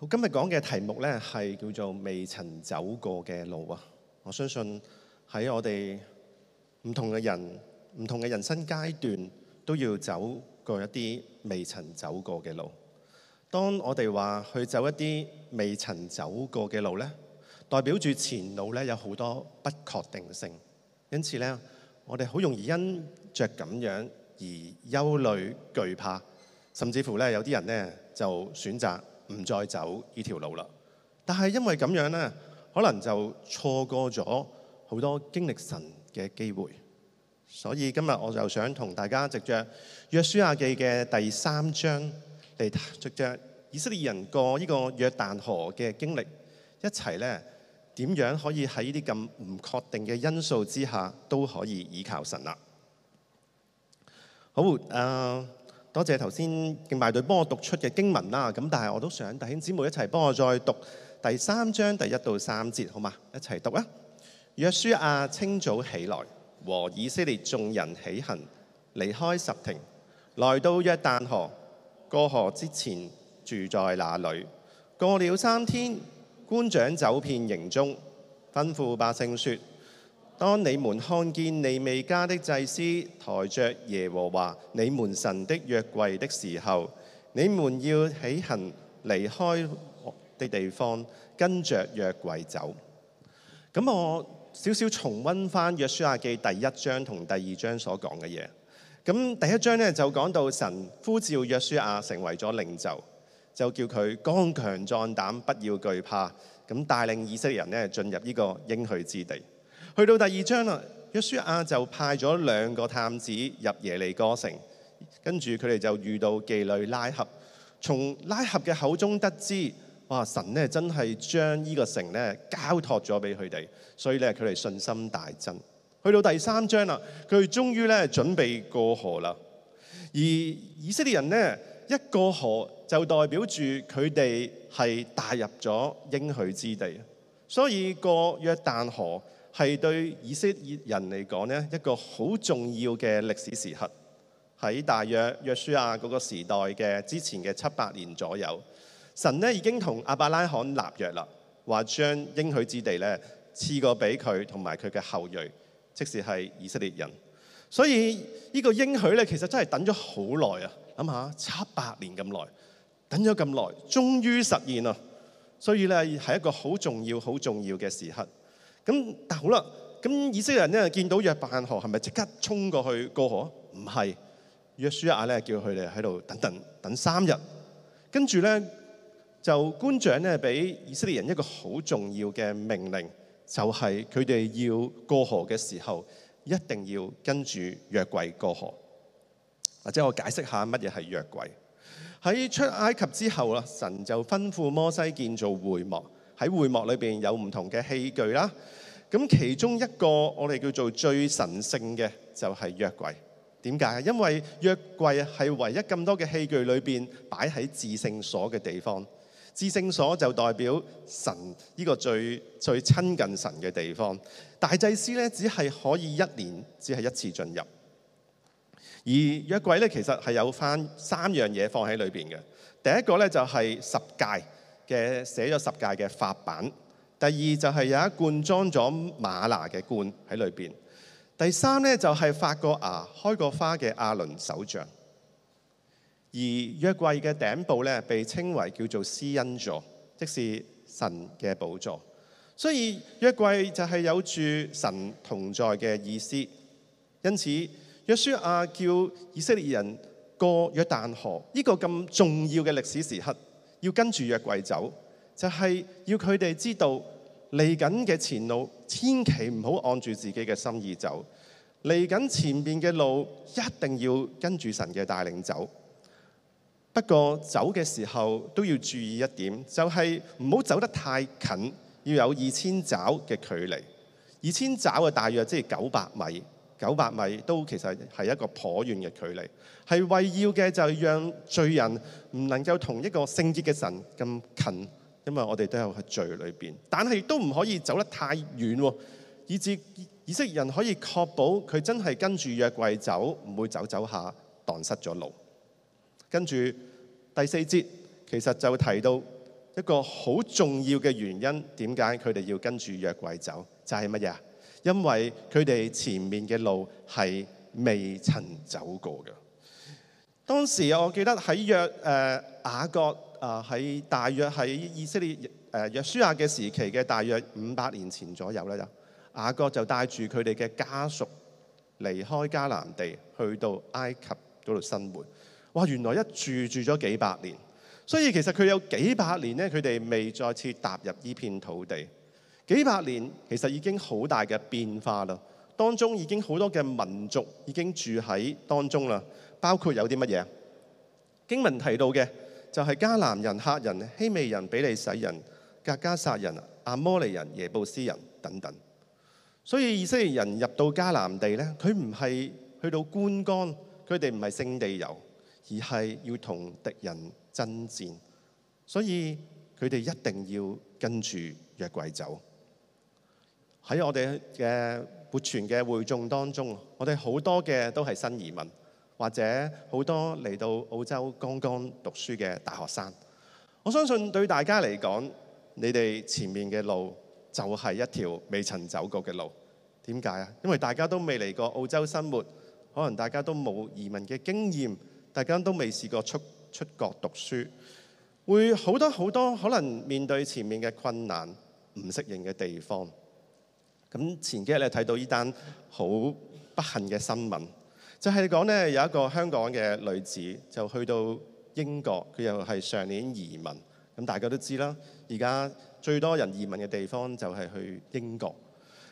好，今日講嘅題目呢係叫做《未曾走過嘅路》啊！我相信喺我哋唔同嘅人、唔同嘅人生階段，都要走過一啲未曾走過嘅路。當我哋話去走一啲未曾走過嘅路呢，代表住前路呢有好多不確定性，因此呢，我哋好容易因着咁樣而憂慮、懼怕，甚至乎呢，有啲人呢就選擇唔再走呢條路啦。但係因為咁樣呢，可能就錯過咗好多經歷神嘅機會。所以今日我就想同大家藉着約書亞記嘅第三章嚟，藉著以色列人過呢個約旦河嘅經歷一齊呢，點樣可以喺呢啲咁唔確定嘅因素之下都可以倚靠神啦。好，誒、呃。多謝頭先敬拜隊幫我讀出嘅經文啦，咁但係我都想弟兄姊妹一齊幫我再讀第三章第一到三節，好嘛？一齊讀啊！約書亞清早起來，和以色列眾人起行，離開十亭，來到約旦河。過河之前住在那裡。過了三天，官長走遍營中，吩咐百姓說：當你們看見利未家的祭司抬着耶和華你們神的約櫃的時候，你們要起行離開的地方，跟着約櫃走。咁我少少重温翻約書亞記第一章同第二章所講嘅嘢。咁第一章呢，就講到神呼召約書亞成為咗領袖，就叫佢剛強壯膽，不要懼怕，咁帶領以色列人咧進入呢個應許之地。去到第二章啦，約書亞就派咗兩個探子入耶利哥城，跟住佢哋就遇到妓女拉合，從拉合嘅口中得知，哇！神真係將呢個城交託咗俾佢哋，所以咧佢哋信心大增。去到第三章啦，佢哋終於咧準備過河啦。而以色列人呢一過河就代表住佢哋係帶入咗應許之地，所以過約旦河。係對以色列人嚟講呢一個好重要嘅歷史時刻，喺大約約書亞嗰個時代嘅之前嘅七百年左右，神呢已經同亞伯拉罕立約啦，話將應許之地呢，賜過俾佢同埋佢嘅後裔，即是係以色列人。所以呢個應許呢，其實真係等咗好耐啊！諗下七百年咁耐，等咗咁耐，終於實現啊！所以呢，係一個好重要、好重要嘅時刻。咁但好啦，咁以色列人呢見到約但河係咪即刻衝過去過河？唔係，約書亞咧叫佢哋喺度等等等三日，跟住咧就官長咧俾以色列人一個好重要嘅命令，就係佢哋要過河嘅時候，一定要跟住約櫃過河。或者我解釋下乜嘢係約櫃。喺出埃及之後啦，神就吩咐摩西建造會幕。喺會幕裏邊有唔同嘅器具啦，咁其中一個我哋叫做最神聖嘅就係約櫃。點解？因為約櫃係唯一咁多嘅器具裏邊擺喺至聖所嘅地方。至聖所就代表神呢個最最親近神嘅地方。大祭司咧只係可以一年只係一次進入，而約櫃咧其實係有返三樣嘢放喺裏邊嘅。第一個咧就係十誡。嘅寫咗十戒嘅法版，第二就係有一罐裝咗嗎哪嘅罐喺裏面。第三呢就係發個芽開個花嘅亞倫手杖，而約櫃嘅頂部呢，被稱為叫做施恩座，即是神嘅寶座，所以約櫃就係有住神同在嘅意思。因此，約書亞叫以色列人過約旦河，呢個咁重要嘅歷史時刻，要跟住約櫃走，就係要佢哋知道嚟緊嘅前路，千祈唔好按住自己嘅心意走。嚟緊前面嘅路一定要跟住神嘅帶領走。不過走嘅時候都要注意一點，就係唔好走得太近，要有二千爪嘅距離。二千爪啊，大約即係九百米。九百米都其實係一個頗遠嘅距離，係圍繞嘅就係讓罪人唔能夠同一個聖潔嘅神咁近，因為我哋都有喺罪裏面。但係都唔可以走得太遠，以致以色列人可以確保佢真係跟住約櫃走，唔會走走下蕩失咗路。跟住第四節其實就提到一個好重要嘅原因，點解佢哋要跟住約櫃走？就係乜嘢？因為佢哋前面嘅路係未曾走過嘅。當時我記得喺約誒雅、呃、各啊，喺、呃、大約喺以色列誒、呃、約書亞嘅時期嘅大約五百年前左右咧，就雅各就帶住佢哋嘅家屬離開迦南地，去到埃及嗰度生活。哇！原來一住住咗幾百年，所以其實佢有幾百年呢，佢哋未再次踏入呢片土地。幾百年其實已經好大嘅變化啦，當中已經好多嘅民族已經住喺當中啦，包括有啲乜嘢？經文提到嘅就係迦南人、赫人、希未人、比利洗人、革迦撒人、亞摩利人、耶布斯人等等。所以以色列人入到迦南地咧，佢唔係去到觀光，佢哋唔係聖地遊，而係要同敵人爭戰，所以佢哋一定要跟住約櫃走。喺我哋嘅活傳嘅會眾當中，我哋好多嘅都係新移民，或者好多嚟到澳洲剛剛讀書嘅大學生。我相信對大家嚟講，你哋前面嘅路就係一條未曾走過嘅路。點解啊？因為大家都未嚟過澳洲生活，可能大家都冇移民嘅經驗，大家都未試過出出國讀書，會好多好多可能面對前面嘅困難，唔適應嘅地方。咁前幾日咧睇到呢單好不幸嘅新聞，就係講咧有一個香港嘅女子就去到英國，佢又係上年移民。咁大家都知啦，而家最多人移民嘅地方就係去英國。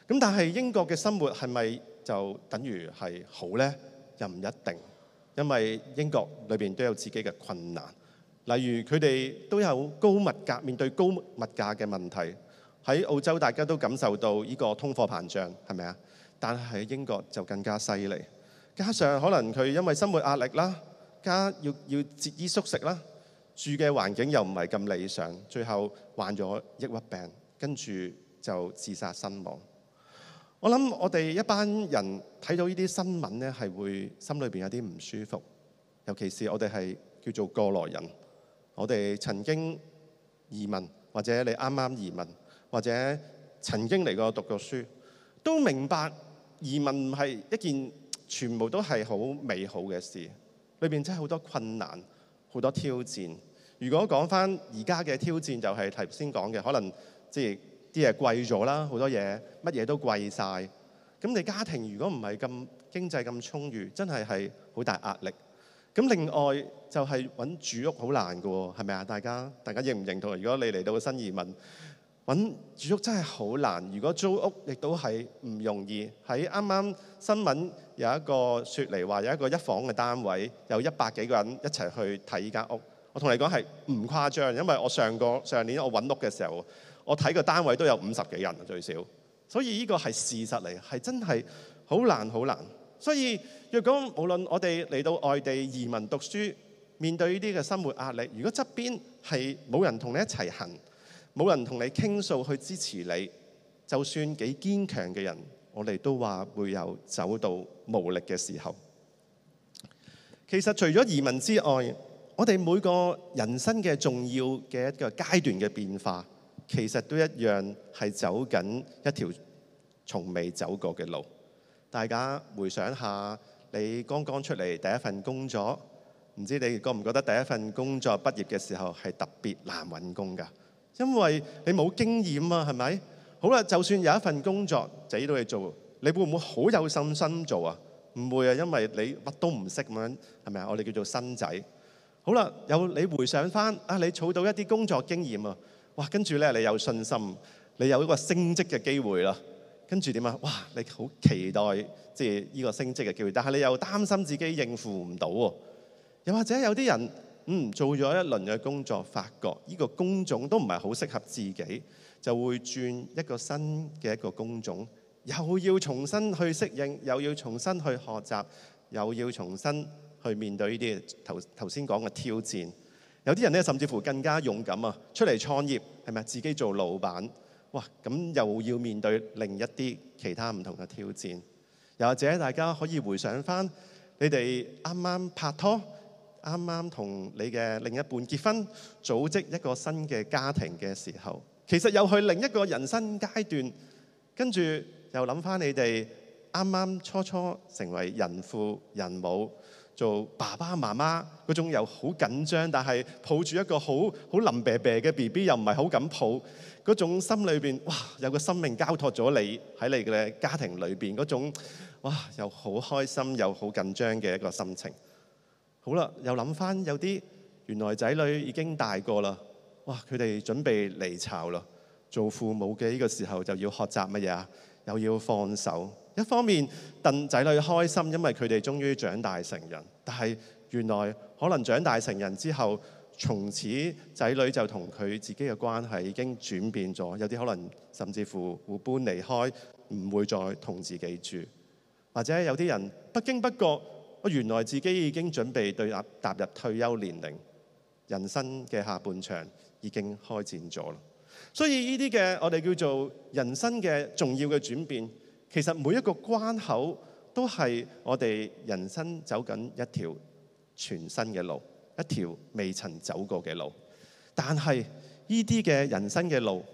咁但係英國嘅生活係咪就等於係好咧？又唔一定，因為英國裏邊都有自己嘅困難，例如佢哋都有高物價，面對高物價嘅問題。喺澳洲，大家都感受到呢個通貨膨脹係咪啊？但喺英國就更加犀利，加上可能佢因為生活壓力啦，加要要節衣縮食啦，住嘅環境又唔係咁理想，最後患咗抑鬱病，跟住就自殺身亡。我諗我哋一班人睇到呢啲新聞呢，係會心裏面有啲唔舒服，尤其是我哋係叫做過來人，我哋曾經移民或者你啱啱移民。或者曾經嚟過讀過書，都明白移民唔係一件全部都係好美好嘅事。裏邊真係好多困難、好多挑戰。如果講翻而家嘅挑戰，就係頭先講嘅，可能即係啲嘢貴咗啦，好多嘢乜嘢都貴晒。咁你家庭如果唔係咁經濟咁充裕，真係係好大壓力。咁另外就係揾住屋好難㗎喎，係咪啊？大家大家認唔認同？如果你嚟到個新移民。搵住屋真係好難，如果租屋亦都係唔容易。喺啱啱新聞有一個雪梨話，有一個一房嘅單位，有一百幾個人一齊去睇呢間屋。我同你講係唔誇張，因為我上個上年我搵屋嘅時候，我睇個單位都有五十幾人最少。所以呢個係事實嚟，係真係好難好難。所以若果無論我哋嚟到外地移民讀書，面對呢啲嘅生活壓力，如果側邊係冇人同你一齊行，冇人同你傾訴，去支持你，就算幾堅強嘅人，我哋都話會有走到無力嘅時候。其實除咗移民之外，我哋每個人生嘅重要嘅一個階段嘅變化，其實都一樣係走緊一條從未走過嘅路。大家回想下，你剛剛出嚟第一份工作，唔知你覺唔覺得第一份工作畢業嘅時候係特別難搵工噶？因為你冇經驗啊，係咪？好啦，就算有一份工作仔都係做，你會唔會好有信心做啊？唔會啊，因為你乜都唔識咁樣，係咪啊？我哋叫做新仔。好啦，有你回想返啊，你儲到一啲工作經驗啊，哇！跟住咧，你有信心，你有一個升職嘅機會啦。跟住點啊？哇！你好期待即係呢個升職嘅機會，但係你又擔心自己應付唔到喎。又或者有啲人。嗯，做咗一輪嘅工作，發覺呢個工種都唔係好適合自己，就會轉一個新嘅一個工種，又要重新去適應，又要重新去學習，又要重新去面對呢啲頭頭先講嘅挑戰。有啲人呢甚至乎更加勇敢啊，出嚟創業，係咪自己做老闆，哇！咁又要面對另一啲其他唔同嘅挑戰。又或者大家可以回想返，你哋啱啱拍拖，啱啱同你嘅另一半結婚，組織一個新嘅家庭嘅時候，其實又去另一個人生階段，跟住又諗翻你哋啱啱初初成為人父人母，做爸爸媽媽嗰種又好緊張，但係抱住一個好好腍膶膶嘅 BB，又唔係好敢抱嗰種心裏面，哇！有個生命交託咗你喺你嘅家庭裏面，嗰種，哇！又好開心又好緊張嘅一個心情。好啦，又諗翻有啲原來仔女已經大個啦，哇！佢哋準備離巢啦。做父母嘅呢個時候就要學習乜嘢啊？又要放手。一方面戥仔女開心，因為佢哋終於長大成人。但係原來可能長大成人之後，從此仔女就同佢自己嘅關係已經轉變咗。有啲可能甚至乎會搬離開，唔會再同自己住，或者有啲人不經不覺。原來自己已經準備對踏踏入退休年齡，人生嘅下半場已經開展咗咯。所以呢啲嘅我哋叫做人生嘅重要嘅轉變，其實每一個關口都係我哋人生走緊一條全新嘅路，一條未曾走過嘅路。但係呢啲嘅人生嘅路。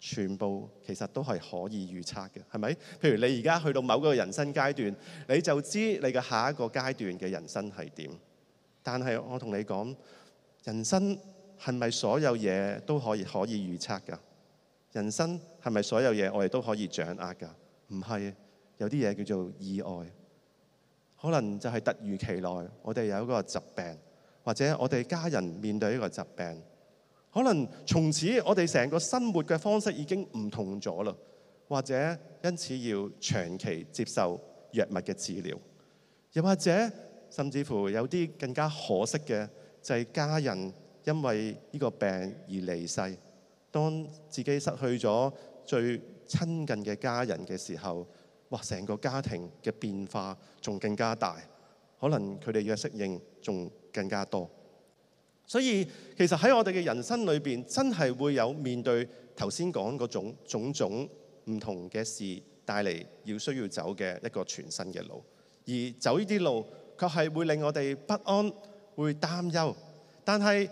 全部其實都係可以預測嘅，係咪？譬如你而家去到某個人生階段，你就知你嘅下一個階段嘅人生係點。但係我同你講，人生係咪所有嘢都可以可以預測㗎？人生係咪所有嘢我哋都可以掌握㗎？唔係，有啲嘢叫做意外，可能就係突如其來。我哋有一個疾病，或者我哋家人面對一個疾病。可能從此我哋成個生活嘅方式已經唔同咗啦，或者因此要長期接受藥物嘅治療，又或者甚至乎有啲更加可惜嘅就係家人因為呢個病而離世。當自己失去咗最親近嘅家人嘅時候，哇！成個家庭嘅變化仲更加大，可能佢哋嘅適應仲更加多。所以，其實喺我哋嘅人生裏邊，真係會有面對頭先講嗰種種種唔同嘅事，帶嚟要需要走嘅一個全新嘅路。而走呢啲路，卻係會令我哋不安、會擔憂。但係呢、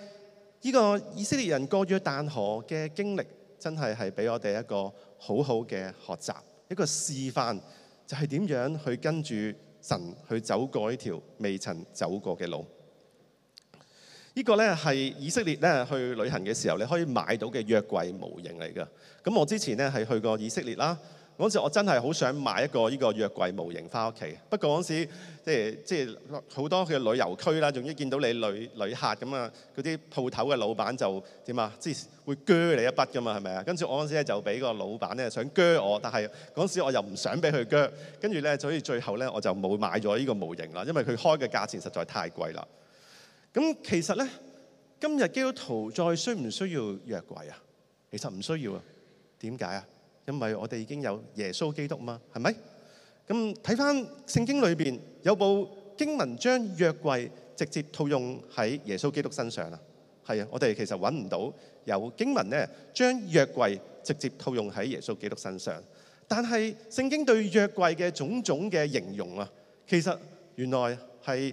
這個以色列人過約旦河嘅經歷，真係係俾我哋一個很好好嘅學習，一個示範，就係、是、點樣去跟住神去走過呢條未曾走過嘅路。呢、這個咧係以色列咧去旅行嘅時候，你可以買到嘅約櫃模型嚟噶。咁我之前咧係去過以色列啦，嗰陣時我真係好想買一個呢個約櫃模型翻屋企。不過嗰陣時即係即係好多嘅旅遊區啦，總之見到你旅旅客咁啊，嗰啲鋪頭嘅老闆就點啊，即係會鋸你一筆噶嘛，係咪啊？跟住我嗰陣時咧就俾個老闆咧想鋸我，但係嗰陣時我又唔想俾佢鋸。跟住咧所以最後咧我就冇買咗呢個模型啦，因為佢開嘅價錢實在太貴啦。咁其實咧，今日基督徒再需唔需要約櫃啊？其實唔需要啊。點解啊？因為我哋已經有耶穌基督嘛，係咪？咁睇翻聖經裏邊有無經文將約櫃直接套用喺耶穌基督身上啊？係啊，我哋其實揾唔到有經文咧將約櫃直接套用喺耶穌基督身上。但係聖經對約櫃嘅種種嘅形容啊，其實原來係。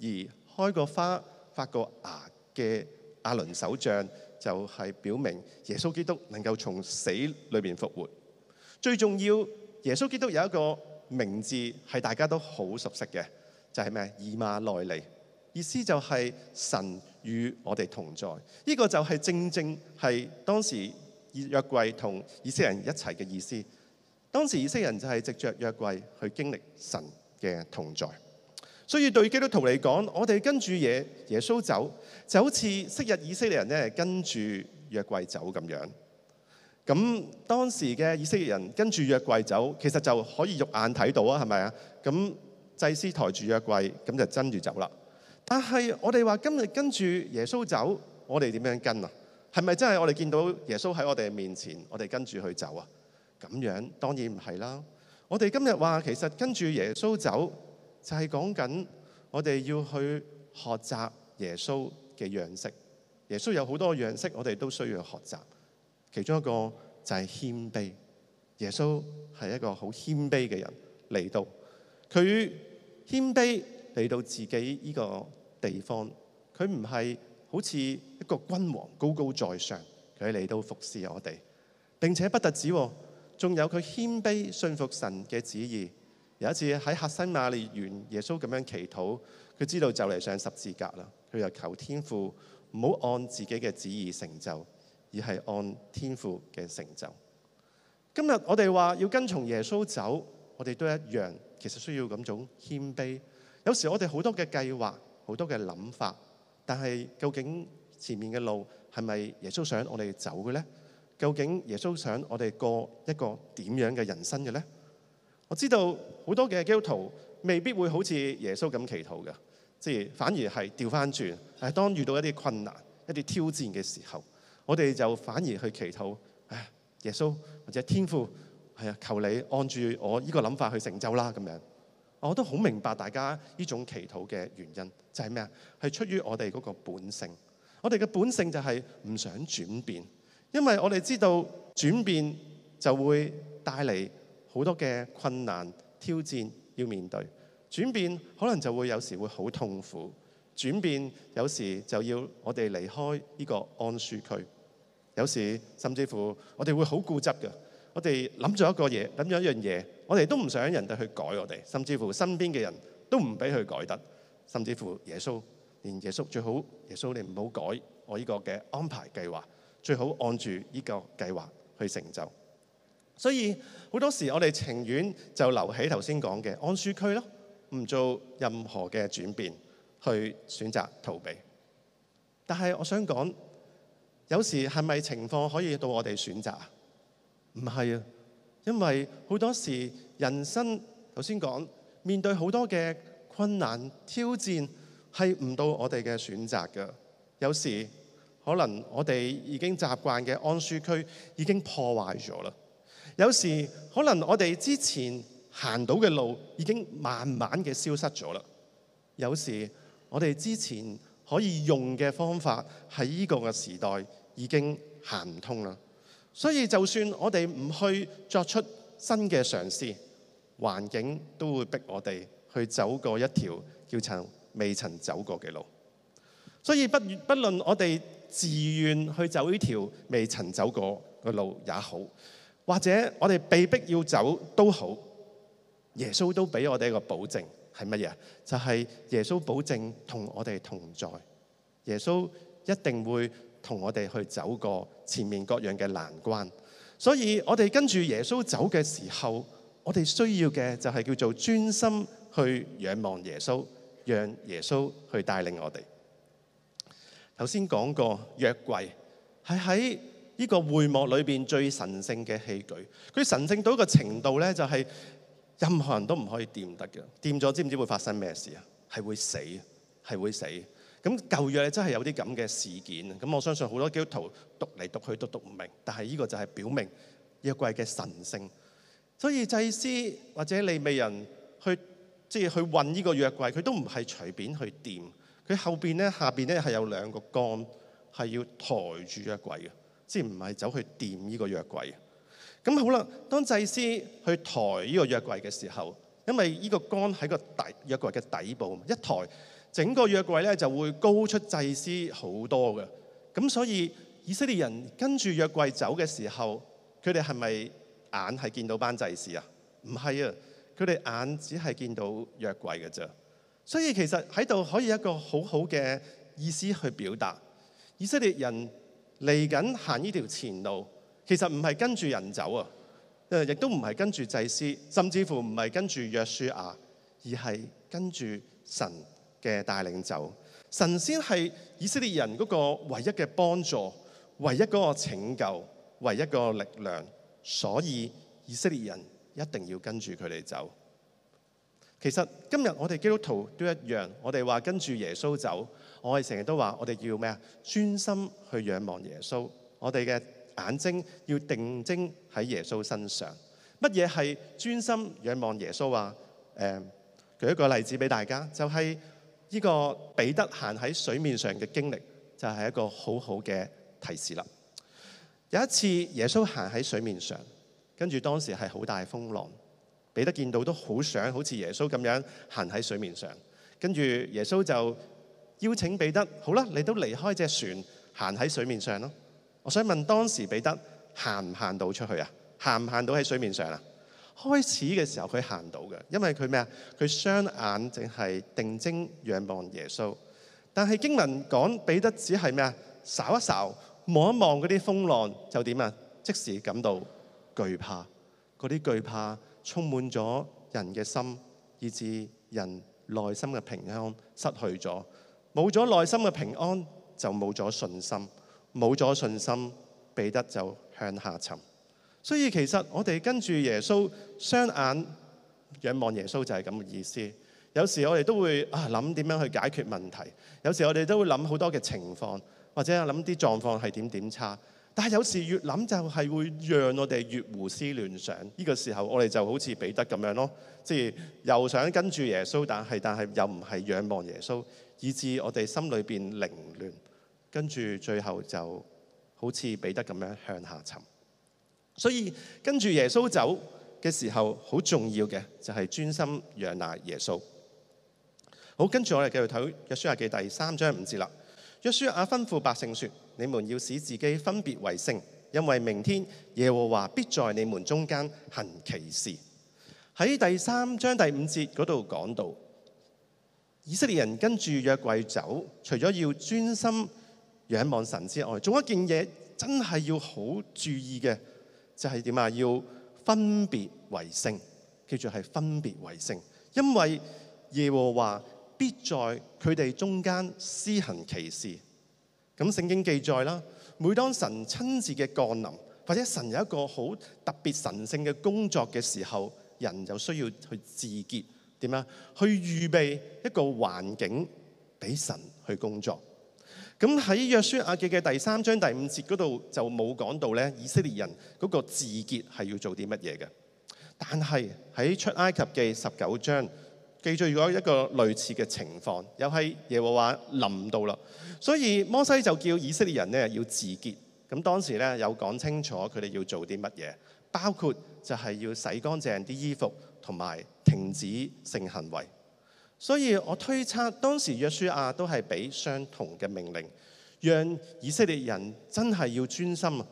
而開個花發個芽嘅亞倫手杖，就係表明耶穌基督能夠從死裏面復活。最重要，耶穌基督有一個名字係大家都好熟悉嘅，就係咩？以馬內利，意思就係神與我哋同在。呢個就係正正係當時約櫃同以色列人一齊嘅意思。當時以色列人就係藉着約櫃去經歷神嘅同在。所以對基督徒嚟講，我哋跟住耶耶穌走，就好似昔日以色列人咧跟住約櫃走咁樣。咁當時嘅以色列人跟住約櫃走，其實就可以肉眼睇到啊，係咪啊？咁祭司抬住約櫃，咁就跟住走啦。但係我哋話今日跟住耶穌走，我哋點樣跟啊？係咪真係我哋見到耶穌喺我哋面前，我哋跟住佢走啊？咁樣當然唔係啦。我哋今日話其實跟住耶穌走。就係講緊我哋要去學習耶穌嘅樣式。耶穌有好多樣式，我哋都需要學習。其中一個就係謙卑。耶穌係一個好謙卑嘅人嚟到，佢謙卑嚟到自己呢個地方，佢唔係好似一個君王高高在上，佢嚟到服侍我哋。並且不特止，仲有佢謙卑信服神嘅旨意。有一次喺客西馬利園，耶穌咁樣祈禱，佢知道就嚟上十字架啦。佢就求天父唔好按自己嘅旨意成就，而係按天父嘅成就。今日我哋話要跟從耶穌走，我哋都一樣，其實需要咁種謙卑。有時我哋好多嘅計劃，好多嘅諗法，但係究竟前面嘅路係咪耶穌想我哋走嘅呢？究竟耶穌想我哋過一個點樣嘅人生嘅呢？我知道好多嘅基督徒未必會好似耶穌咁祈禱嘅，即係反而係調翻轉，當遇到一啲困難，一啲挑戰嘅時候，我哋就反而去祈禱，哎、耶穌或者天父，係啊，求你按住我呢個諗法去成就啦咁樣，我都好明白大家呢種祈禱嘅原因，就係咩啊？係出於我哋嗰個本性。我哋嘅本性就係唔想轉變，因為我哋知道轉變就會帶嚟。好多嘅困難挑戰要面對，轉變可能就會有時會好痛苦。轉變有時就要我哋離開呢個安舒區，有時甚至乎我哋會好固執嘅。我哋諗咗一個嘢，諗咗一樣嘢，我哋都唔想人哋去改我哋，甚至乎身邊嘅人都唔俾佢改得，甚至乎耶穌，連耶穌最好，耶穌你唔好改我呢個嘅安排計劃，最好按住呢個計劃去成就。所以好多時，我哋情願就留喺頭先講嘅安舒區咯，唔做任何嘅轉變去選擇逃避。但係我想講，有時係咪情況可以到我哋選擇？唔係啊，因為好多時人生頭先講面對好多嘅困難挑戰係唔到我哋嘅選擇噶。有時可能我哋已經習慣嘅安舒區已經破壞咗啦。有時可能我哋之前行到嘅路已經慢慢嘅消失咗啦。有時我哋之前可以用嘅方法喺呢個嘅時代已經行唔通啦。所以就算我哋唔去作出新嘅嘗試，環境都會逼我哋去走過一條叫做未曾走過嘅路。所以不不論我哋自願去走呢條未曾走過嘅路也好。或者我哋被迫要走都好，耶穌都俾我哋一個保證係乜嘢？就係耶穌保證同我哋同在，耶穌一定會同我哋去走過前面各樣嘅難關。所以我哋跟住耶穌走嘅時候，我哋需要嘅就係叫做專心去仰望耶穌，讓耶穌去帶領我哋。頭先講過約櫃係喺。呢、這個會幕裏邊最神聖嘅器具，佢神聖到一個程度咧，就係任何人都唔可以掂得嘅。掂咗知唔知道會發生咩事啊？係會死，係會死。咁舊約真係有啲咁嘅事件。咁我相信好多基督徒讀嚟讀去都讀唔明，但係呢個就係表明約櫃嘅神聖。所以祭司或者利未人去即係去運呢個約櫃，佢都唔係隨便去掂。佢後邊咧，下邊咧係有兩個杆，係要抬住約櫃嘅。即唔係走去掂呢個約櫃，咁好啦。當祭司去抬呢個約櫃嘅時候，因為呢個杆喺個底約櫃嘅底部，一抬整個約櫃咧就會高出祭司好多嘅。咁所以以色列人跟住約櫃走嘅時候，佢哋係咪眼係見到班祭司啊？唔係啊，佢哋眼只係見到約櫃嘅啫。所以其實喺度可以一個好好嘅意思去表達以色列人。嚟緊行呢條前路，其實唔係跟住人走啊，亦都唔係跟住祭司，甚至乎唔係跟住約書亞，而係跟住神嘅帶領走。神先係以色列人嗰個唯一嘅幫助，唯一嗰個拯救，唯一嗰個力量，所以以色列人一定要跟住佢哋走。其實今日我哋基督徒都一樣，我哋話跟住耶穌走，我哋成日都話我哋要咩啊？專心去仰望耶穌，我哋嘅眼睛要定睛喺耶穌身上。乜嘢係專心仰望耶穌啊？誒、呃，舉一個例子俾大家，就係呢個彼得行喺水面上嘅經歷，就係一個好好嘅提示啦。有一次耶穌行喺水面上，跟住當時係好大風浪。彼得見到都好想好似耶穌咁樣行喺水面上，跟住耶穌就邀請彼得：好啦，你都離開隻船，行喺水面上咯。我想問當時彼得行唔行到出去啊？行唔行到喺水面上啊？開始嘅時候佢行到嘅，因為佢咩啊？佢雙眼淨係定睛仰望耶穌。但係經文講彼得只係咩啊？掃一掃望一望嗰啲風浪就點啊？即時感到懼怕，嗰啲懼怕。充滿咗人嘅心，以至人內心嘅平，平安失去咗，冇咗內心嘅平安就冇咗信心，冇咗信心，彼得就向下沉。所以其實我哋跟住耶穌雙眼仰望耶穌就係咁嘅意思。有時我哋都會啊諗點樣去解決問題，有時我哋都會諗好多嘅情況，或者諗啲狀況係點點差。但係有時越諗就係會讓我哋越胡思亂想，呢個時候我哋就好似彼得咁樣咯，即係又想跟住耶穌，但係但又唔係仰望耶穌，以致我哋心裏面凌亂，跟住最後就好似彼得咁樣向下沉。所以跟住耶穌走嘅時候，好重要嘅就係專心仰賴耶穌。好，跟住我哋繼續睇《約書亞記》第三章五節啦。約書亞吩咐百姓說：你們要使自己分別為聖，因為明天耶和華必在你們中間行奇事。喺第三章第五節嗰度講到，以色列人跟住約櫃走，除咗要專心仰望神之外，仲有一件嘢真係要好注意嘅，就係點啊？要分別為聖，叫做係分別為聖，因為耶和華。必在佢哋中間施行奇事。咁聖經記載啦，每當神親自嘅降臨，或者神有一個好特別神聖嘅工作嘅時候，人就需要去自潔，點啊？去預備一個環境俾神去工作。咁喺約書亞記嘅第三章第五節嗰度就冇講到咧，以色列人嗰個自潔係要做啲乜嘢嘅。但係喺出埃及記十九章。記住，如果一個類似嘅情況，又係耶和華臨到啦，所以摩西就叫以色列人呢要自潔。咁當時呢，有講清楚佢哋要做啲乜嘢，包括就係要洗乾淨啲衣服，同埋停止性行為。所以我推測當時約書亞都係俾相同嘅命令，讓以色列人真係要專心，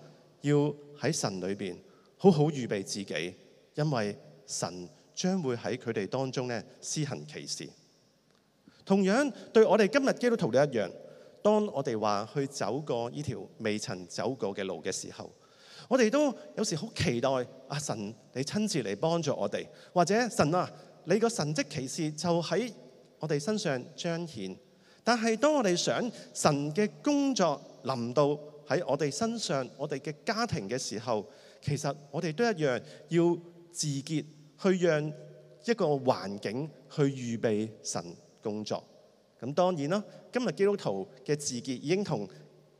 要喺神裏面好好預備自己，因為神，將會喺佢哋當中呢，施行奇事，同樣對我哋今日基督徒都一樣。當我哋話去走過呢條未曾走過嘅路嘅時候，我哋都有時好期待阿、啊、神你親自嚟幫助我哋，或者神啊，你個神蹟奇事就喺我哋身上彰顯。但係當我哋想神嘅工作臨到喺我哋身上、我哋嘅家庭嘅時候，其實我哋都一樣要自潔。去讓一個環境去預備神工作，咁當然啦。今日基督徒嘅自潔已經同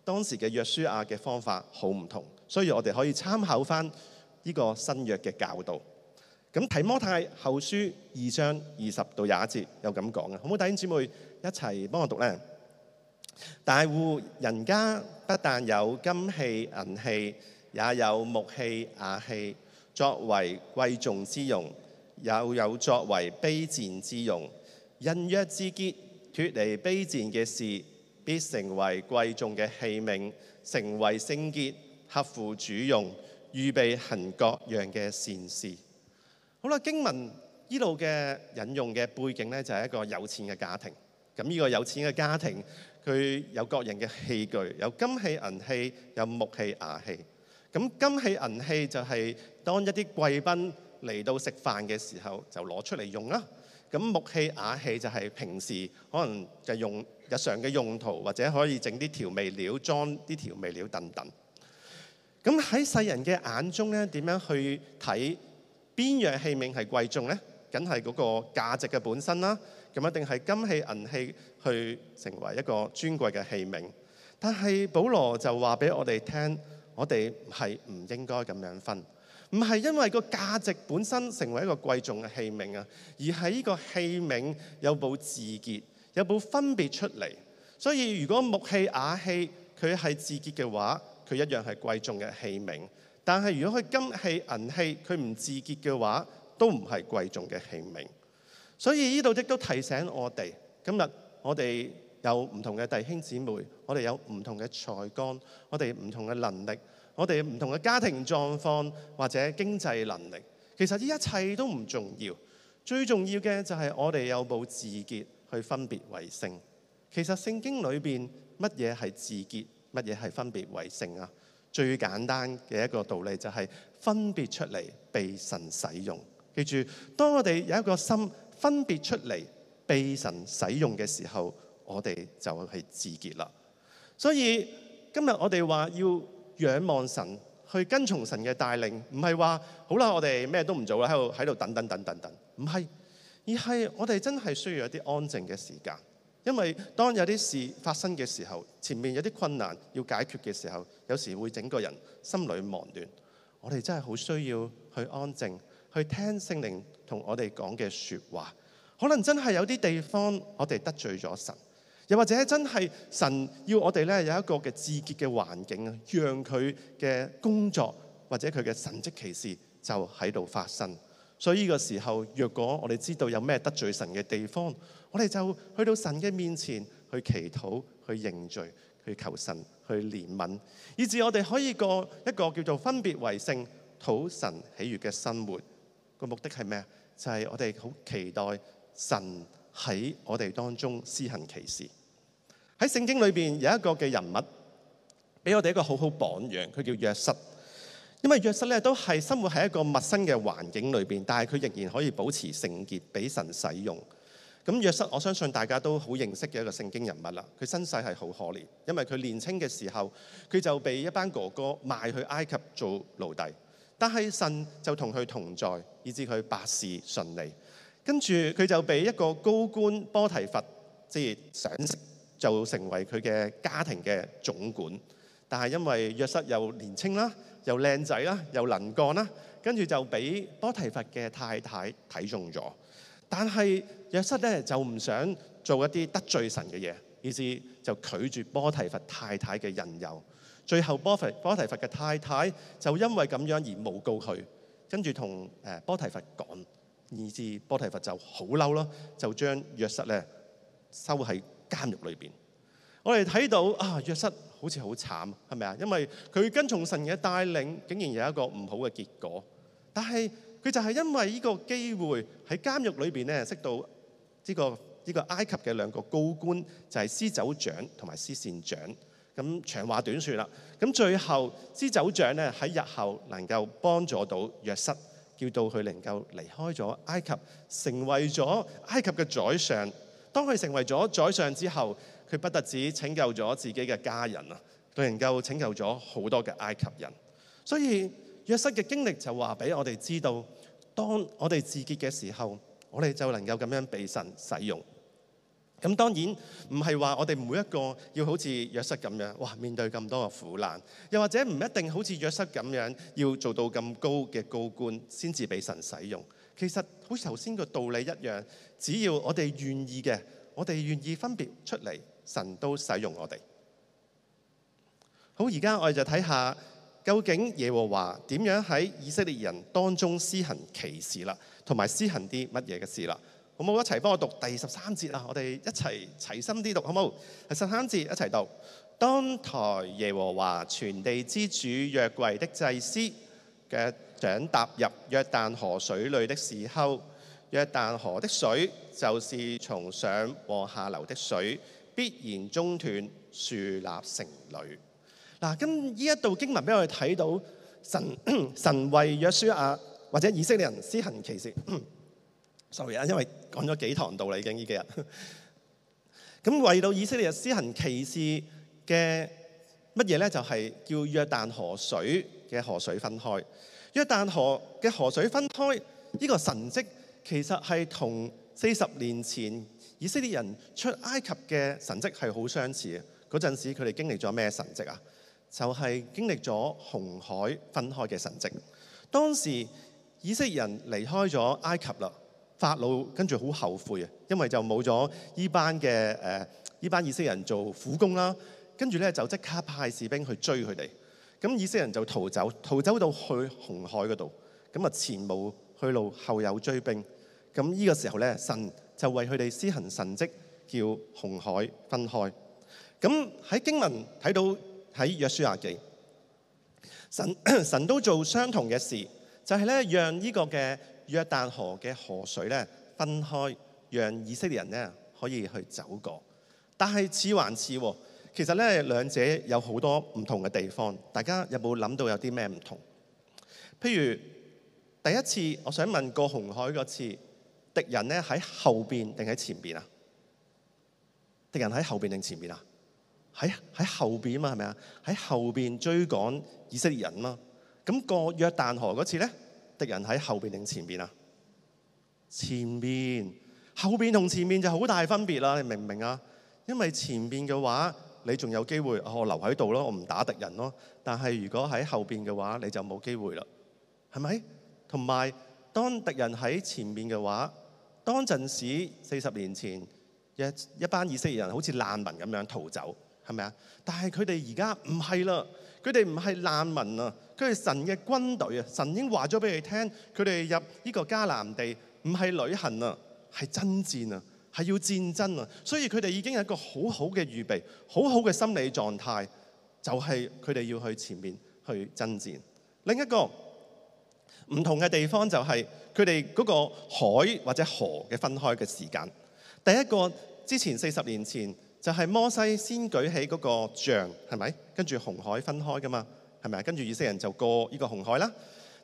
當時嘅約書亞嘅方法好唔同，所以我哋可以參考翻呢個新約嘅教導。咁提摩太後書二章二十到廿一節有咁講嘅，好唔好？弟兄姊妹一齊幫我讀咧。大戶人家不但有金器銀器，也有木器瓦器。雅作為貴重之用，又有，有作為卑賤之用。人若自潔，脫離卑賤嘅事，必成為貴重嘅器皿，成為聖潔，合乎主用，預備行各樣嘅善事。好啦，經文呢度嘅引用嘅背景呢，就係一個有錢嘅家庭。咁呢個有錢嘅家庭，佢有各樣嘅器具，有金器、銀器，有木器、瓦器。咁金器銀器就係當一啲貴賓嚟到食飯嘅時候，就攞出嚟用啦。咁木器瓦器就係平時可能就用日常嘅用途，或者可以整啲調味料，裝啲調味料等等。咁喺世人嘅眼中咧，點樣去睇邊樣器皿係貴重呢？梗係嗰個價值嘅本身啦。咁一定係金器銀器去成為一個尊貴嘅器皿。但係保羅就話俾我哋聽。我哋係唔應該咁樣分，唔係因為個價值本身成為一個貴重嘅器皿啊，而係呢個器皿有冇自潔，有冇分別出嚟。所以如果木器、瓦器，佢係自潔嘅話，佢一樣係貴重嘅器皿。但係如果佢金器、銀器，佢唔自潔嘅話，都唔係貴重嘅器皿。所以呢度亦都提醒我哋，今日我哋，有唔同嘅弟兄姊妹，我哋有唔同嘅才幹，我哋唔同嘅能力，我哋唔同嘅家庭狀況或者經濟能力，其實呢一切都唔重要。最重要嘅就係我哋有冇自潔去分別為聖。其實聖經裏邊乜嘢係自潔，乜嘢係分別為聖啊？最簡單嘅一個道理就係分別出嚟被神使用。記住，當我哋有一個心分別出嚟被神使用嘅時候。我哋就係自結啦，所以今日我哋話要仰望神，去跟從神嘅帶領，唔係話好啦，我哋咩都唔做啦，喺度喺度等等等等等，唔係，而係我哋真係需要一啲安靜嘅時間，因為當有啲事發生嘅時候，前面有啲困難要解決嘅時候，有時會整個人心裏忙亂。我哋真係好需要去安靜，去聽聖靈同我哋講嘅說話。可能真係有啲地方我哋得罪咗神。又或者真係神要我哋咧有一個嘅自潔嘅環境啊，讓佢嘅工作或者佢嘅神蹟奇事就喺度發生。所以呢個時候，若果我哋知道有咩得罪神嘅地方，我哋就去到神嘅面前去祈禱、去認罪、去求神去憐憫，以至我哋可以過一個叫做分別為聖、討神喜悅嘅生活。個目的係咩？就係、是、我哋好期待神喺我哋當中施行奇事。喺聖經裏面有一個嘅人物，俾我哋一個好好榜樣，佢叫約瑟。因為約瑟咧都係生活喺一個陌生嘅環境裏面，但係佢仍然可以保持聖潔，俾神使用。咁約瑟我相信大家都好認識嘅一個聖經人物啦。佢身世係好可憐，因為佢年青嘅時候佢就被一班哥哥賣去埃及做奴隸，但係神就同佢同在，以致佢百事順利。跟住佢就被一個高官波提乏——即係賞識。就成為佢嘅家庭嘅總管，但係因為約瑟又年青啦，又靚仔啦，又能幹啦，跟住就俾波提乏嘅太太睇中咗。但係約瑟咧就唔想做一啲得罪神嘅嘢，以至就拒絕波提乏太太嘅引誘。最後波提波提乏嘅太太就因為咁樣而誣告佢，跟住同誒波提乏講，以至波提乏就好嬲咯，就將約瑟咧收喺監獄裏邊，我哋睇到啊，約瑟好似好慘，係咪啊？因為佢跟從神嘅帶領，竟然有一個唔好嘅結果。但係佢就係因為呢個機會喺監獄裏邊咧，識到呢個呢個埃及嘅兩個高官，就係司酒長同埋司膳長。咁長話短說啦，咁最後司酒長咧喺日後能夠幫助到約瑟，叫到佢能夠離開咗埃及，成為咗埃及嘅宰相。當佢成為咗宰相之後，佢不特止拯救咗自己嘅家人啊，佢能夠拯救咗好多嘅埃及人。所以約瑟嘅經歷就話俾我哋知道，當我哋自潔嘅時候，我哋就能夠咁樣被神使用。咁當然唔係話我哋每一個要好似約瑟咁樣，哇，面對咁多嘅苦難，又或者唔一定好似約瑟咁樣要做到咁高嘅高官先至俾神使用。其實好似頭先個道理一樣，只要我哋願意嘅，我哋願意分別出嚟，神都使用我哋。好，而家我哋就睇下究竟耶和華點樣喺以色列人當中施行歧視啦，同埋施行啲乜嘢嘅事啦？好唔好？一齊幫我讀第十三節啦！我哋一齊齊心啲讀，好唔好？第十三節一齊讀。當台耶和華全地之主約櫃的祭司嘅。想踏入約旦河水裏的時候，約旦河的水就是從上往下流的水，必然中斷，樹立成壘。嗱，咁呢一度經文俾我哋睇到神，神神為約書亞或者以色列人施行奇事。sorry 啊，因為講咗幾堂道理已經依幾日，咁為到以色列人施行奇事嘅乜嘢咧？就係、是、叫約旦河水嘅河水分開。約旦河嘅河水分開，呢、這個神跡其實係同四十年前以色列人出埃及嘅神跡係好相似嘅。嗰陣時佢哋經歷咗咩神跡啊？就係、是、經歷咗紅海分開嘅神跡。當時以色列人離開咗埃及啦，法老跟住好後悔啊，因為就冇咗呢班嘅誒呢班以色列人做苦工啦。跟住咧就即刻派士兵去追佢哋。咁以色列人就逃走，逃走到去紅海嗰度，咁啊前無去路，後有追兵。咁呢個時候咧，神就為佢哋施行神蹟，叫紅海分開。咁喺經文睇到喺約書亞記，神 神都做相同嘅事，就係、是、咧讓呢個嘅約旦河嘅河水咧分開，讓以色列人咧可以去走過。但係似還似喎。其實咧，兩者有好多唔同嘅地方。大家有冇諗到有啲咩唔同？譬如第一次，我想問過紅海嗰次，敵人咧喺後邊定喺前邊啊？敵人喺後邊定前邊啊？喺喺後邊啊嘛，係咪啊？喺後邊追趕以色列人啦。咁、那、過、個、約旦河嗰次咧，敵人喺後邊定前邊啊？前邊、後邊同前面就好大分別啦。你明唔明啊？因為前邊嘅話。你仲有機會，我留喺度咯，我唔打敵人咯。但係如果喺後邊嘅話，你就冇機會啦，係咪？同埋當敵人喺前面嘅話，當陣時四十年前，一一班以色列人好似難民咁樣逃走，係咪啊？但係佢哋而家唔係啦，佢哋唔係難民啊，佢哋係神嘅軍隊啊，神已經話咗俾你哋聽，佢哋入呢個迦南地唔係旅行啊，係爭戰啊。係要戰爭啊，所以佢哋已經有一個很好好嘅預備，很好好嘅心理狀態，就係佢哋要去前面去征戰。另一個唔同嘅地方就係佢哋嗰個海或者河嘅分開嘅時間。第一個之前四十年前就係、是、摩西先舉起嗰個杖，係咪跟住紅海分開噶嘛？係咪跟住以色列人就過呢個紅海啦。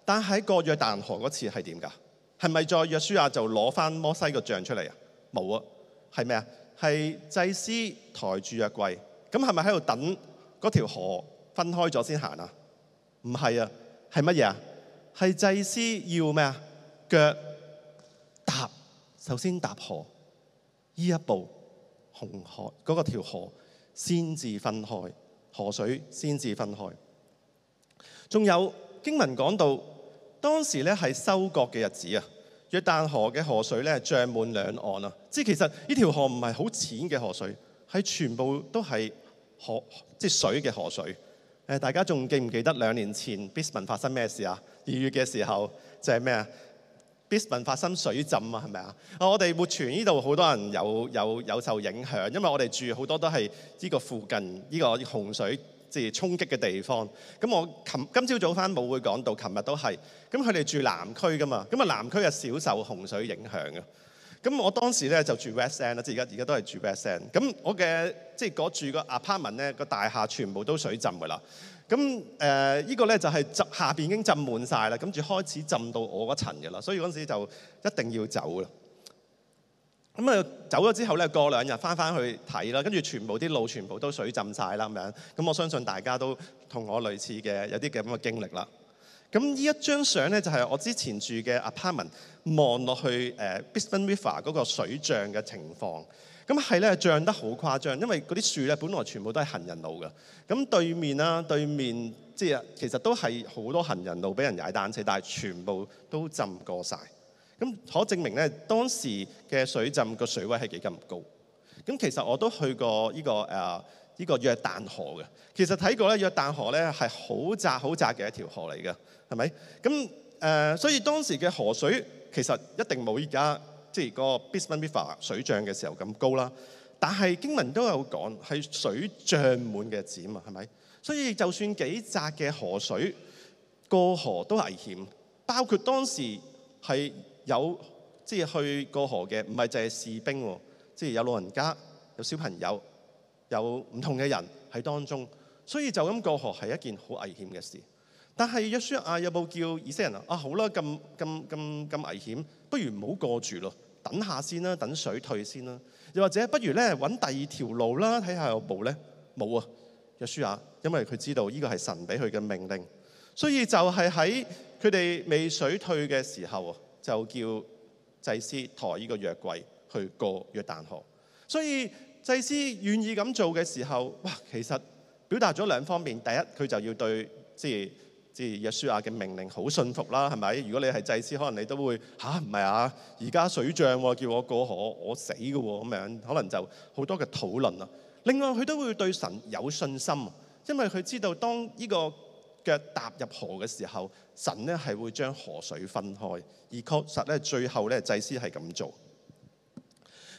但係過約旦河嗰次係點噶？係咪在約書亞就攞翻摩西個杖出嚟啊？冇啊，係咩啊？係祭司抬住約櫃，咁係咪喺度等嗰條河分開咗先行啊？唔係啊，係乜嘢啊？係祭司要咩啊？腳踏，首先踏河，依一步，紅河嗰個條河先至分開，河水先至分開。仲有經文講到，當時咧係收割嘅日子啊。嘅但河嘅河水咧，漲滿兩岸啊！即係其實呢條河唔係好淺嘅河水，係全部都係河，即係水嘅河水。誒，大家仲記唔記得兩年前 Brisbane 發生咩事啊？二月嘅時候就係咩啊？Brisbane 發生水浸啊，係咪啊？我哋活泉呢度好多人有有有受影響，因為我哋住好多都係呢個附近呢、呢個洪水。即係衝擊嘅地方，咁我琴今朝早翻冇會講到，琴日都係，咁佢哋住南區㗎嘛，咁啊南區啊少受洪水影響嘅，咁我當時咧就住 West End 啦，即係而家而家都係住 West End，咁我嘅即係嗰住個 apartment 咧個大廈全部都水浸㗎啦，咁誒呢個咧就係浸下邊已經浸滿晒啦，跟住開始浸到我嗰層㗎啦，所以嗰陣時就一定要走啦。咁啊，走咗之後咧，過兩日翻翻去睇啦，跟住全部啲路全部都水浸晒啦，咁樣。咁我相信大家都同我類似嘅，有啲咁嘅經歷啦。咁呢一張相咧，就係、是、我之前住嘅 apartment 望落去誒 Brisbane River 嗰個水漲嘅情況。咁係咧漲得好誇張，因為嗰啲樹咧本來全部都係行人路㗎。咁對面啦，對面即係其實都係好多行人路俾人踩單車，但係全部都浸過晒。咁可證明咧，當時嘅水浸個水位係幾咁高。咁其實我都去過呢、這個誒依、呃這個約旦河嘅。其實睇過咧，約旦河咧係好窄好窄嘅一條河嚟嘅，係咪？咁誒、呃，所以當時嘅河水其實一定冇而家即係個 Brisbane River 水漲嘅時候咁高啦。但係經文都有講係水漲滿嘅字，啊，係咪？所以就算幾窄嘅河水過河都是危險，包括當時係。有即係去過河嘅，唔係淨係士兵，即係有老人家、有小朋友、有唔同嘅人喺當中，所以就咁過河係一件好危險嘅事。但係約書亞有冇叫以色列人啊？好啦，咁咁咁咁危險，不如唔好過住咯，等下先啦，等水退先啦。又或者不如咧揾第二條路啦，睇下有冇咧冇啊約書亞，約書亞,因為佢知道呢個係神俾佢嘅命令，所以就係喺佢哋未水退嘅時候。就叫祭司抬呢個約櫃去過約旦河，所以祭司願意咁做嘅時候，哇！其實表達咗兩方面，第一，佢就要對，即係即係約書亞嘅命令好信服啦，係咪？如果你係祭司，可能你都會吓，唔係啊，而家、啊、水漲喎，叫我過河，我死嘅喎，咁樣可能就好多嘅討論啦。另外佢都會對神有信心，因為佢知道當呢個。腳踏入河嘅時候，神咧係會將河水分開，而確實咧最後咧祭司係咁做。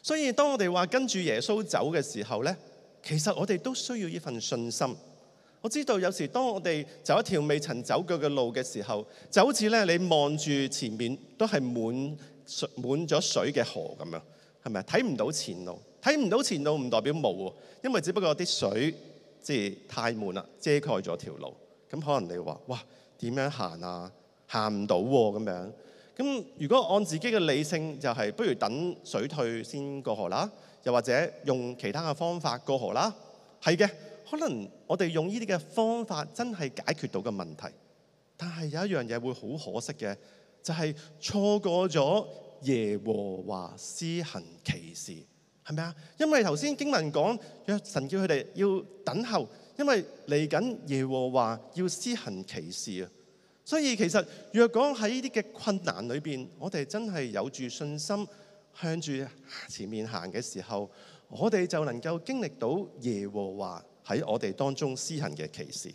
所以當我哋話跟住耶穌走嘅時候咧，其實我哋都需要呢份信心。我知道有時當我哋走一條未曾走過嘅路嘅時候，就好似咧你望住前面都係滿，滿水滿咗水嘅河咁樣，係咪？睇唔到前路，睇唔到前路唔代表冇喎，因為只不過啲水即係太滿啦，遮蓋咗條路。咁可能你話哇，點樣行啊？行唔到喎咁樣。咁如果按自己嘅理性，就係、是、不如等水退先過河啦，又或者用其他嘅方法過河啦。係嘅，可能我哋用呢啲嘅方法真係解決到嘅問題。但係有一樣嘢會好可惜嘅，就係、是、錯過咗耶和華施行奇事，係咪啊？因為頭先經文講，約神叫佢哋要等候。因為嚟緊耶和華要施行奇事啊，所以其實若果喺呢啲嘅困難裏邊，我哋真係有住信心向住前面行嘅時候，我哋就能夠經歷到耶和華喺我哋當中施行嘅奇事。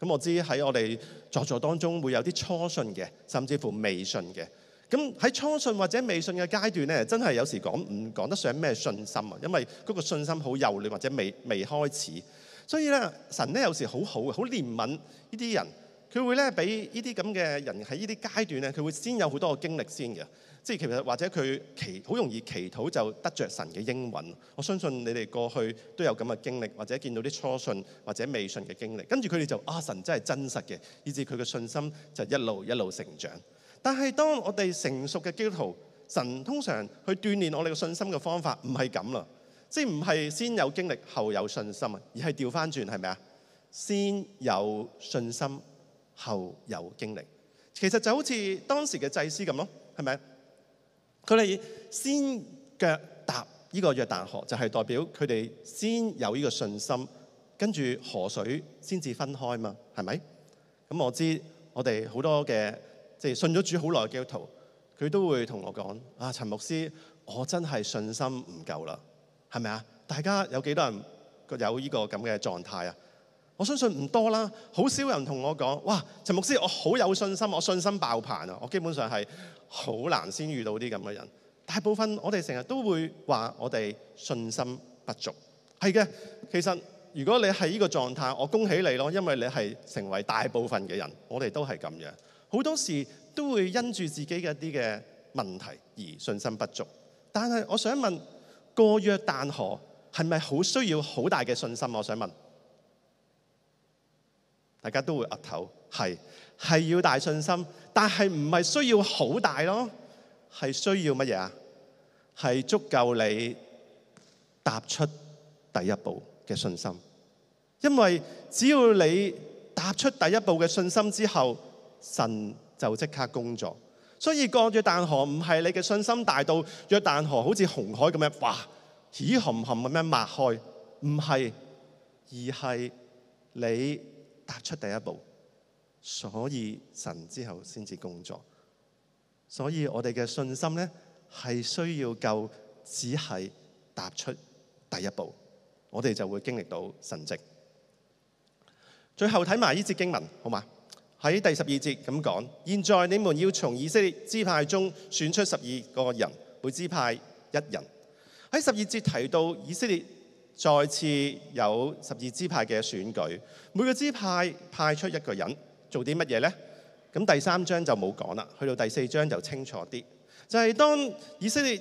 咁我知喺我哋作作當中會有啲初信嘅，甚至乎未信嘅。咁喺初信或者未信嘅階段咧，真係有時講唔講得上咩信心啊？因為嗰個信心好幼嫩，或者未未開始。所以咧，神咧有時好好嘅，好憐憫呢啲人，佢會咧俾呢啲咁嘅人喺呢啲階段咧，佢會先有好多嘅經歷先嘅。即係其實或者佢祈好容易祈禱就得着神嘅應允。我相信你哋過去都有咁嘅經歷，或者見到啲初信或者未信嘅經歷，跟住佢哋就，啊神真係真實嘅，以至佢嘅信心就一路一路成長。但係當我哋成熟嘅基督徒，神通常去鍛鍊我哋嘅信心嘅方法唔係咁啦。即係唔係先有經歷後有信心啊？而係調翻轉係咪啊？先有信心後有經歷，其實就好似當時嘅祭司咁咯，係咪？佢哋先腳踏呢個約旦河，就係代表佢哋先有呢個信心，跟住河水先至分開嘛，係咪？咁我知我哋好多嘅即係信咗主好耐嘅基督徒，佢都會同我講：啊，陳牧師，我真係信心唔夠啦。係咪啊？大家有幾多人有呢個咁嘅狀態啊？我相信唔多啦，好少人同我講。哇，陳牧師，我好有信心，我信心爆棚啊！我基本上係好難先遇到啲咁嘅人。大部分我哋成日都會話我哋信心不足。係嘅，其實如果你係呢個狀態，我恭喜你咯，因為你係成為大部分嘅人。我哋都係咁樣的，好多時都會因住自己嘅一啲嘅問題而信心不足。但係我想問。過約旦河係咪好需要好大嘅信心？我想問，大家都會岌頭，係，係要大信心，但係唔係需要好大咯？係需要乜嘢啊？係足夠你踏出第一步嘅信心，因為只要你踏出第一步嘅信心之後，神就即刻工作。所以過住約旦河唔係你嘅信心大到約旦河好似紅海咁樣哇起含含咁樣擘開，唔係，而係你踏出第一步，所以神之後先至工作。所以我哋嘅信心呢係需要夠，只係踏出第一步，我哋就會經歷到神蹟。最後睇埋呢節經文，好嘛？喺第十二節咁講，現在你們要從以色列支派中選出十二個人，每支派一人。喺十二節提到以色列再次有十二支派嘅選舉，每個支派派出一個人做啲乜嘢呢？咁第三章就冇講啦，去到第四章就清楚啲，就係當以色列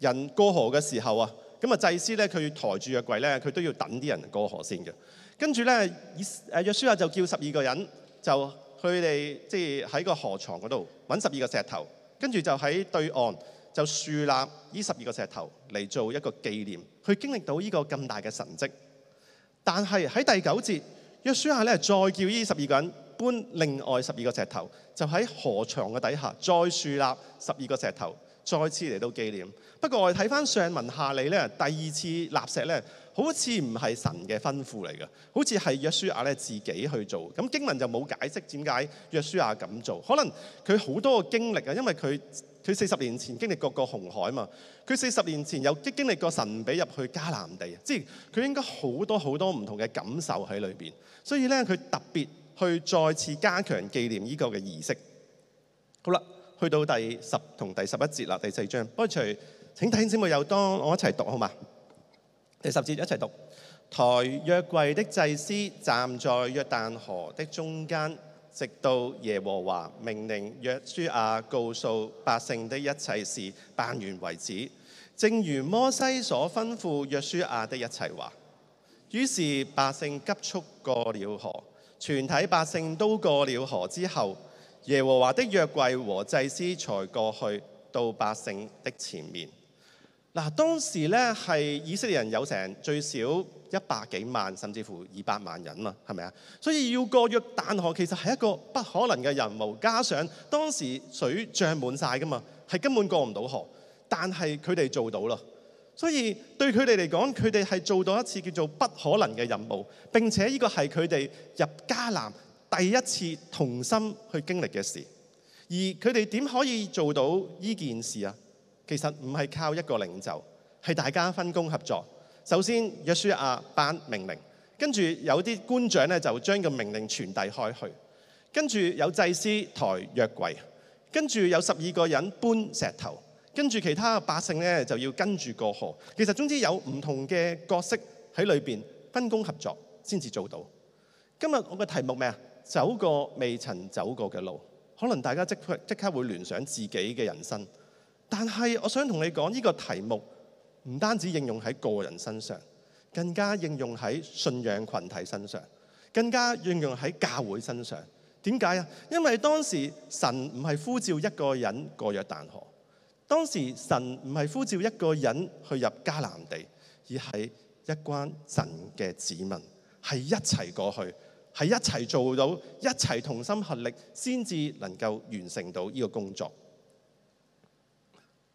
人過河嘅時候啊，咁啊祭司咧佢抬住約櫃咧，佢都要等啲人過河先嘅。跟住咧，以約書亞就叫十二個人就。佢哋即係喺個河床嗰度揾十二個石頭，跟住就喺對岸就樹立呢十二個石頭嚟做一個紀念。佢經歷到呢個咁大嘅神蹟，但係喺第九節，約書亞咧再叫呢十二個人搬另外十二個石頭，就喺河床嘅底下再樹立十二個石頭，再次嚟到紀念。不過我哋睇翻上文下理咧，第二次立石咧。好似唔係神嘅吩咐嚟嘅，好似係約書亞咧自己去做。咁經文就冇解釋點解約書亞咁做。可能佢好多經歷啊，因為佢佢四十年前經歷過個紅海嘛。佢四十年前又經歷過神俾入去迦南地，即係佢應該好多好多唔同嘅感受喺裏面。所以咧，佢特別去再次加強紀念呢個嘅儀式。好啦，去到第十同第十一節啦，第四章。不過除請弟兄姊妹有當我一齊讀好嘛？第十節一齊讀。抬約櫃的祭司站在約旦河的中間，直到耶和華命令約書亞告訴百姓的一切事辦完為止，正如摩西所吩咐約書亞的一切話。於是百姓急速過了河，全體百姓都過了河之後，耶和華的約櫃和祭司才過去到百姓的前面。嗱，當時咧係以色列人有成最少一百幾萬，甚至乎二百萬人嘛，係咪啊？所以要過約旦河，其實係一個不可能嘅任務。加上當時水漲滿晒㗎嘛，係根本過唔到河。但係佢哋做到咯。所以對佢哋嚟講，佢哋係做到一次叫做不可能嘅任務。並且呢個係佢哋入迦南第一次同心去經歷嘅事。而佢哋點可以做到呢件事啊？其實唔係靠一個領袖，係大家分工合作。首先，約書亞頒命令，跟住有啲官長咧就將個命令傳遞開去，跟住有祭司抬約櫃，跟住有十二個人搬石頭，跟住其他百姓咧就要跟住過河。其實總之有唔同嘅角色喺裏邊分工合作先至做到。今日我嘅題目咩啊？走過未曾走過嘅路，可能大家即刻即刻會聯想自己嘅人生。但係，我想同你講，呢、這個題目唔單止應用喺個人身上，更加應用喺信仰群體身上，更加應用喺教會身上。點解啊？因為當時神唔係呼召一個人過約旦河，當時神唔係呼召一個人去入迦南地，而係一羣神嘅子民，係一齊過去，係一齊做到，一齊同心合力，先至能夠完成到呢個工作。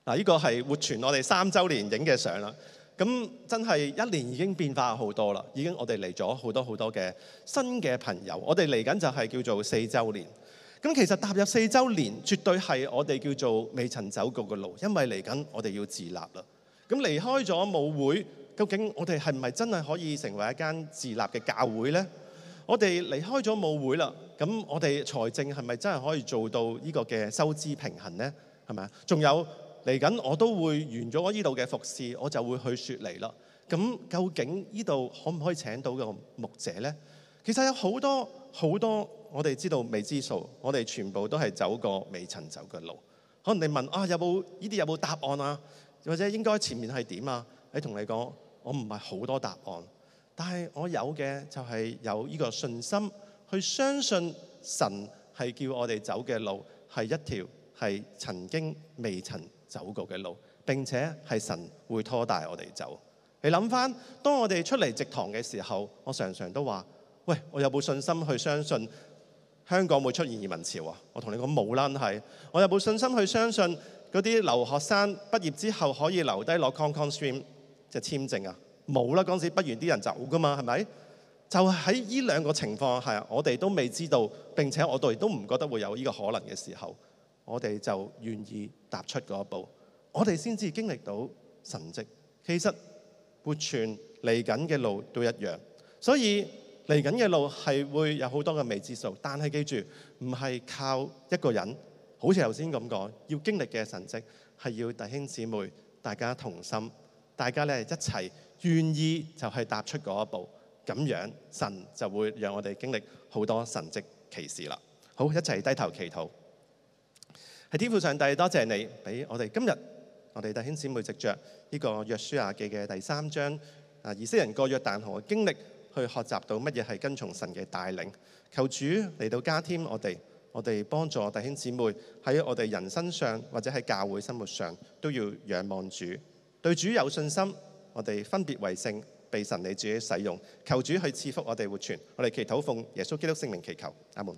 嗱，呢個係活存我哋三週年影嘅相啦。咁真係一年已經變化好多啦。已經我哋嚟咗好多好多嘅新嘅朋友。我哋嚟緊就係叫做四週年。咁其實踏入四週年，絕對係我哋叫做未曾走過嘅路，因為嚟緊我哋要自立啦。咁離開咗舞會，究竟我哋係唔係真係可以成為一間自立嘅教會呢？我哋離開咗舞會啦，咁我哋財政係咪真係可以做到呢個嘅收支平衡呢？係咪啊？仲有？嚟緊，我都會完咗我呢度嘅服侍，我就會去雪梨啦。咁究竟呢度可唔可以請到個牧者呢？其實有好多好多，很多我哋知道未知數，我哋全部都係走過未曾走嘅路。可能你問啊，有冇呢啲有冇答案啊？或者應該前面係點啊？你同你講，我唔係好多答案，但係我有嘅就係有呢個信心，去相信神係叫我哋走嘅路係一條係曾經未曾。走過嘅路，並且係神會拖帶我哋走。你諗翻，當我哋出嚟植堂嘅時候，我常常都話：喂，我有冇信心去相信香港會出現移民潮啊？我同你講冇啦，係。我有冇信心去相信嗰啲留學生畢業之後可以留低落 Hong Kong stream 即係簽證啊？冇啦，嗰陣時畢業啲人走㗎嘛，係咪？就喺呢兩個情況下，我哋都未知道，並且我哋都唔覺得會有呢個可能嘅時候。我哋就願意踏出嗰一步，我哋先至經歷到神蹟。其實活全嚟緊嘅路都一樣，所以嚟緊嘅路係會有好多嘅未知數。但係記住，唔係靠一個人。好似頭先咁講，要經歷嘅神蹟係要弟兄姊妹大家同心，大家咧一齊願意就係踏出嗰一步，咁樣神就會讓我哋經歷好多神蹟奇事啦。好，一齊低頭祈禱。係天父上帝，多謝你俾我哋今日，我哋弟兄姊妹藉着呢個約書亞、啊、記嘅第三章啊，以色列人過約但河嘅經歷，去學習到乜嘢係跟從神嘅帶領。求主嚟到加添我哋，我哋幫助弟兄姊妹喺我哋人生上，或者喺教會生活上，都要仰望主，對主有信心。我哋分別為聖，被神你自己使用。求主去賜福我哋活存。我哋祈禱奉耶穌基督聖名祈求，阿門。